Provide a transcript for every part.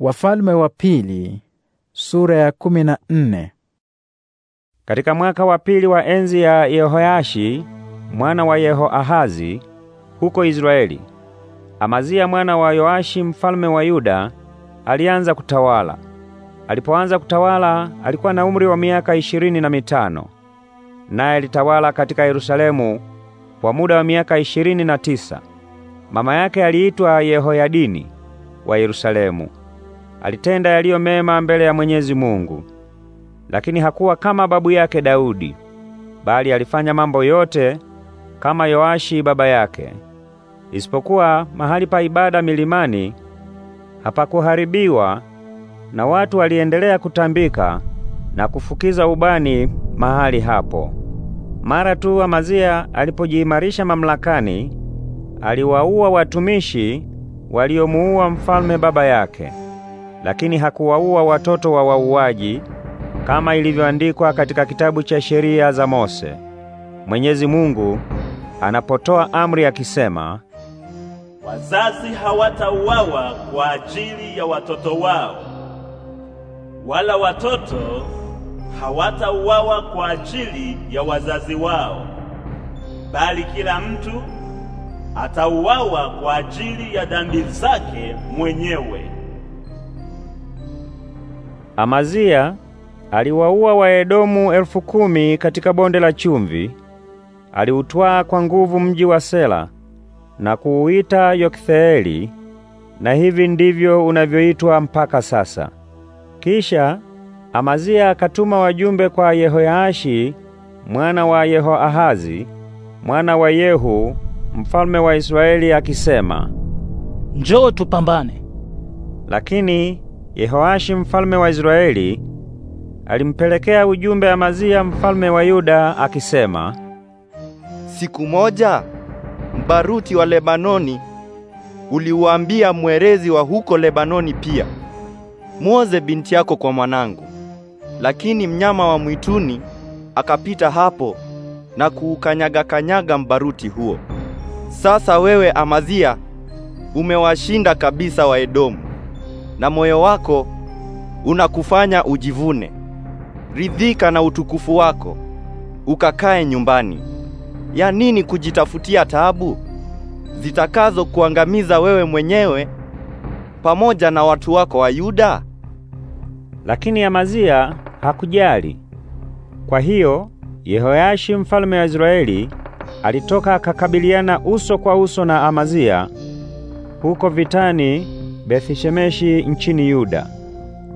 Wafalme wa pili, sura ya kumi na nne. Katika mwaka wa pili wa enzi ya Yehoashi mwana wa Yehoahazi huko Israeli, Amazia mwana wa Yoashi mfalme wa Yuda alianza kutawala. Alipoanza kutawala alikuwa na umri wa miaka ishirini na mitano, naye alitawala katika Yerusalemu kwa muda wa miaka ishirini na tisa. Mama yake aliitwa Yehoyadini wa Yerusalemu. Alitenda yaliyo mema mbele ya Mwenyezi Mungu, lakini hakuwa kama babu yake Daudi, bali alifanya mambo yote kama Yoashi baba yake. Isipokuwa mahali pa ibada milimani hapakuharibiwa, na watu waliendelea kutambika na kufukiza ubani mahali hapo. Mara tu Amazia alipojiimarisha mamlakani, aliwaua watumishi waliomuua mfalme baba yake lakini hakuwaua watoto wa wauaji, kama ilivyoandikwa katika kitabu cha sheria za Mose. Mwenyezi Mungu anapotoa amri akisema, wazazi hawatauawa kwa ajili ya watoto wao, wala watoto hawatauawa kwa ajili ya wazazi wao, bali kila mtu atauawa kwa ajili ya dhambi zake mwenyewe. Amazia aliwaua Waedomu elfu kumi katika bonde la chumvi. Aliutwaa kwa nguvu mji wa Sela na kuuita Yoktheeli, na hivi ndivyo unavyoitwa mpaka sasa. Kisha Amazia akatuma wajumbe kwa Yehoyaashi mwana wa Yehoahazi mwana wa Yehu mfalme wa Israeli akisema, njoo tupambane. Lakini Yehoashi mfalme wa Israeli alimpelekea ujumbe Amazia mfalme wa Yuda akisema, siku moja mbaruti wa Lebanoni uliuambia mwerezi wa huko Lebanoni pia, muoze binti yako kwa mwanangu. Lakini mnyama wa mwituni akapita hapo na kuukanyaga-kanyaga mbaruti huo. Sasa wewe Amazia, umewashinda kabisa Waedomu na moyo wako unakufanya ujivune. Ridhika na utukufu wako, ukakae nyumbani. Ya nini kujitafutia taabu zitakazo kuangamiza wewe mwenyewe pamoja na watu wako wa Yuda? Lakini Amazia hakujali. Kwa hiyo Yehoyashi mfalme wa Israeli alitoka akakabiliana uso kwa uso na Amazia huko vitani Bethshemeshi nchini Yuda.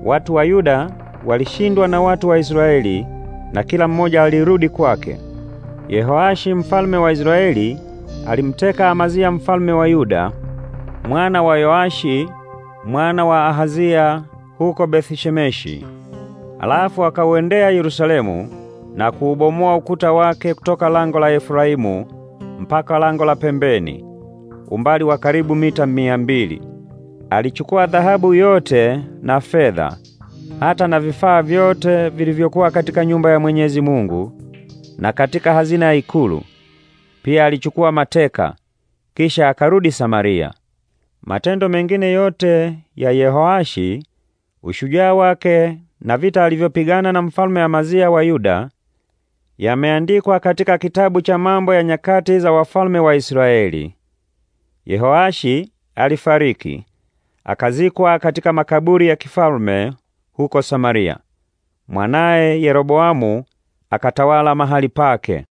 Watu wa Yuda walishindwa na watu wa Israeli na kila mmoja alirudi kwake. Yehoashi mfalme wa Israeli alimteka Amazia mfalme wa Yuda mwana wa Yoashi mwana wa Ahazia huko Bethshemeshi. Alafu akauendea Yerusalemu na kuubomoa ukuta wake kutoka lango la Efraimu mpaka lango la pembeni, umbali wa karibu mita mia mbili. Alichukua dhahabu yote na fedha, hata na vifaa vyote vilivyokuwa katika nyumba ya Mwenyezi Mungu na katika hazina ya ikulu. Pia alichukua mateka, kisha akarudi Samaria. Matendo mengine yote ya Yehoashi, ushujaa wake na vita alivyopigana na mfalme Amazia wa Yuda, yameandikwa katika kitabu cha mambo ya nyakati za wafalme wa Israeli. Yehoashi alifariki akazikwa katika makaburi ya kifalme huko Samaria. Mwanaye Yeroboamu akatawala mahali pake.